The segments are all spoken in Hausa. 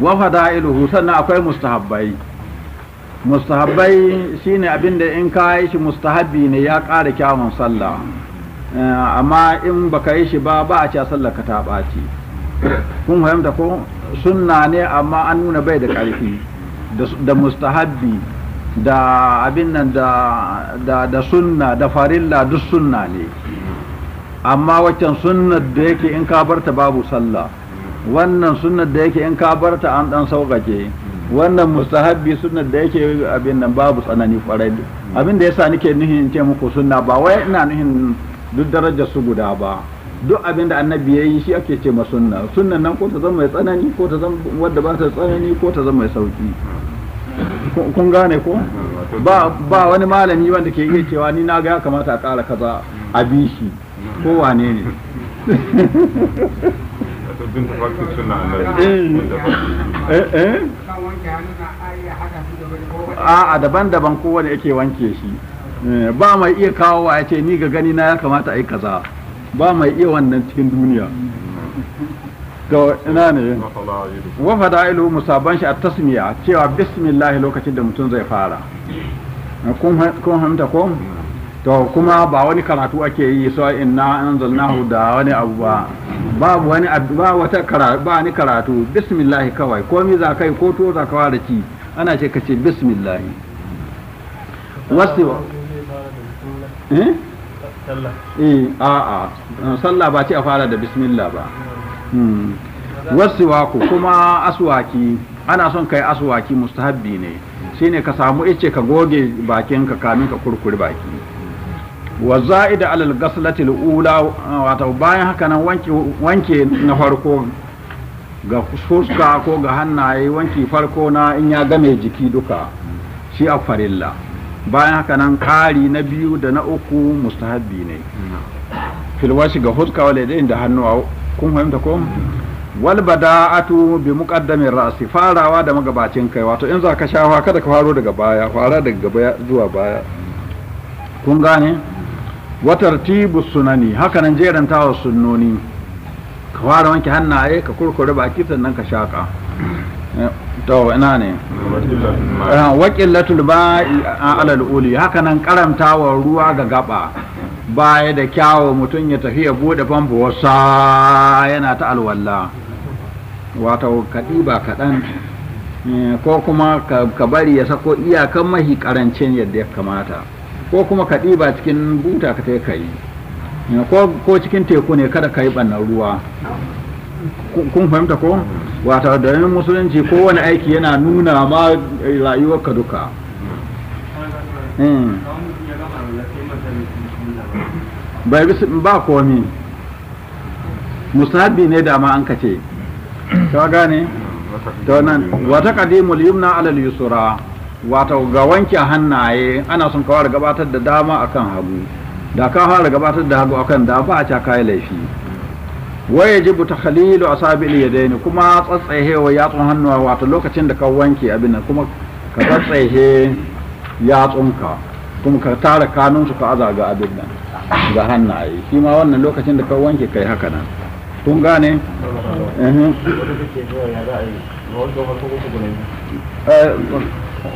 wa fada'iluhu sannan akwai mustahabbai mustahabbai shine abinda in ka yi shi mustahabbi ne ya ƙara kyawun sallah eh, amma in baka yi shi ba ba a cewa sallah ka ta kun fahimta ko sunna ne amma an nuna bai da ƙarfi da mustahabbi da abin nan da sunna da farilla duk sunna ne amma waccan sunnar da yake in ka barta babu sallah wannan sunnar da yake in ka barta an dan sauƙaƙe wannan mustahabbi sunnar da yake abin nan babu tsanani kwarai abin da yasa nake nuhin ce muku sunna ba wai ina nuhin duk darajar su guda ba duk abin da annabi ya yi shi ake ce ma sunna sunnan nan ko ta zama mai tsanani ko ta zama wadda ba ta tsanani ko ta zama mai sauki kun gane ko ba ba wani malami wanda ke iya cewa ni na ga ya kamata a ƙara kaza a ko wane ne Eh, eh, eh. a daban-daban kowane yake wanke shi ba mai iya kawo wa ce ni ga gani na ya kamata a yi kaza ba mai iya wannan cikin duniya ga ina ne wa fada'ilu musaban shi a tasmiya cewa bismillah lokacin da mutum zai fara kun hamta ko to kuma ba wani karatu ake yi so inna anzalnahu da wani abu ba babu wani ba wata karatu ba ni karatu bismillah kawai komi za kai ko to za ka ki, ana ce kace bismillah wasu eh eh a a sallah ba ce a fara da bismillah ba hmm. wasu ku kuma aswaki ana son kai aswaki mustahabbi ne shine ka samu ice ka goge bakinka kamin ka kurkure baki wa za'ida alal ghaslati ula wato bayan haka nan wanke wanke na farko ga fuska ko ga hannaye wanki farko na in ya game jiki duka shi a farilla bayan haka nan kari na biyu da na uku mustahabbi ne filwashi ga fuska wale da inda hannuwa kun fahimta ko wal bada'atu bi muqaddamin ra'si farawa da magabacin kai wato in za ka shafa kada ka faro daga baya fara daga baya zuwa baya kun gane Watar Tibu sunani hakanan nan tawa sunnoni ka fara wanke hannaye ka kurkure baki sannan ka shaka eh, to ina ne eh, waqillatul ba'i ala uli karantawa ruwa ga gaba baya da kyawo mutum ya tafi ya bude famfo wasa yana ta alwalla, wato kaɗi ba kaɗan eh, ko kuma ka bari ya sako iyakan mahi ƙarancin yadda ya kamata ko kuma ka ɗiba cikin buta ka ka yi ko cikin teku ne kada ka yi ɓannan ruwa kun fahimta ko wata da yin musulunci kowane aiki yana nuna ma rayuwar ka duka hmm. ba komi musabi ne da an Ka ce ta gane ta nan wata kadimul yumna alal yusura wato ga wanke hannaye ana son kawar gabatar da dama akan hagu da ka fara gabatar da hagu akan da ba a ca kai laifi waye jibu ta khalilu ya yadaini kuma wa yatsun hannuwa wato lokacin da ka wanke abin nan kuma ka tsatsaye yatsunka kuma ka tara kanunsu ka aza ga abin nan ga hannaye shi ma wannan lokacin da ka wanke kai haka nan kun gane eh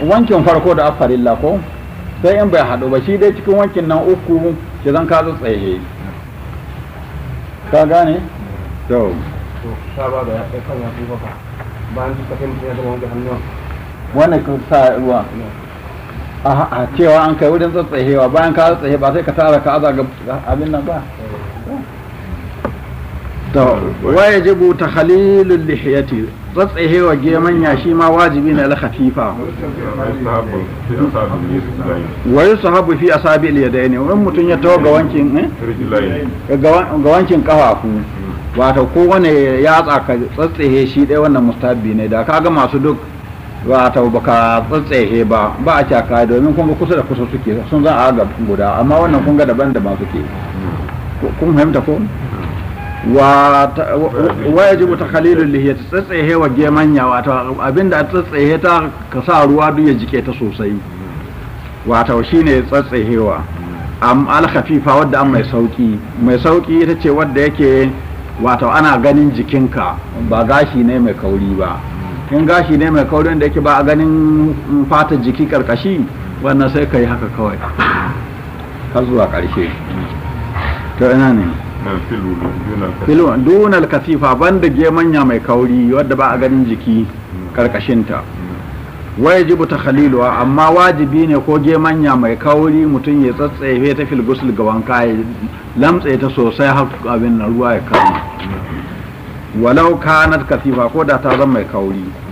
wankin farko da afarilla ko sai in bai haɗu ba shi dai cikin wankin nan uku shi zan kazo tsaye ka gane to ba da ya wannan ka sa ruwa a cewa an kai wurin tsatsahewa bayan ka tsaye ba sai ka tara ka aza ga abin nan ba ويجب تخليل اللحية رصعه وجيمن wa ما yashi ma wajibi ويصحب في أصابع اليدين yusahabu fi asabi al yadaini in mutun ya eh? wato ko wane ya tsaka tsatsahe shi dai wannan mustahabi ne da kaga masu duk wato baka tsatsahe ba ba a caka domin kun ga kusa da kusa suke sun za a ga guda amma wannan kun ga daban-daban suke kun fahimta ko wa ya ji mutu khalilun lihiya ta gemanya wata abinda a tsatsaye ta ka sa ruwa duk ya jike ta sosai wata shi ne tsatsaye wa am alhafifa wadda an mai sauki mai sauki ita ce wadda yake wata ana ganin jikinka ba gashi ne mai kauri ba in gashi ne mai kauri da yake ba a ganin fata jiki karkashi wannan sai ka yi haka kawai har zuwa karshe to ina ne dunal kasifa ban banda gemanya mai kauri wadda ba a ganin jiki karkashinta jibu ta khaliluwa amma wajibi ne ko gemanya mai kauri mutum ya tsatsefe ta filgusul ga wanka ya lamtse ta sosai har abin na ruwa ya kama walau kanat kasifa ko da ta zama mai kauri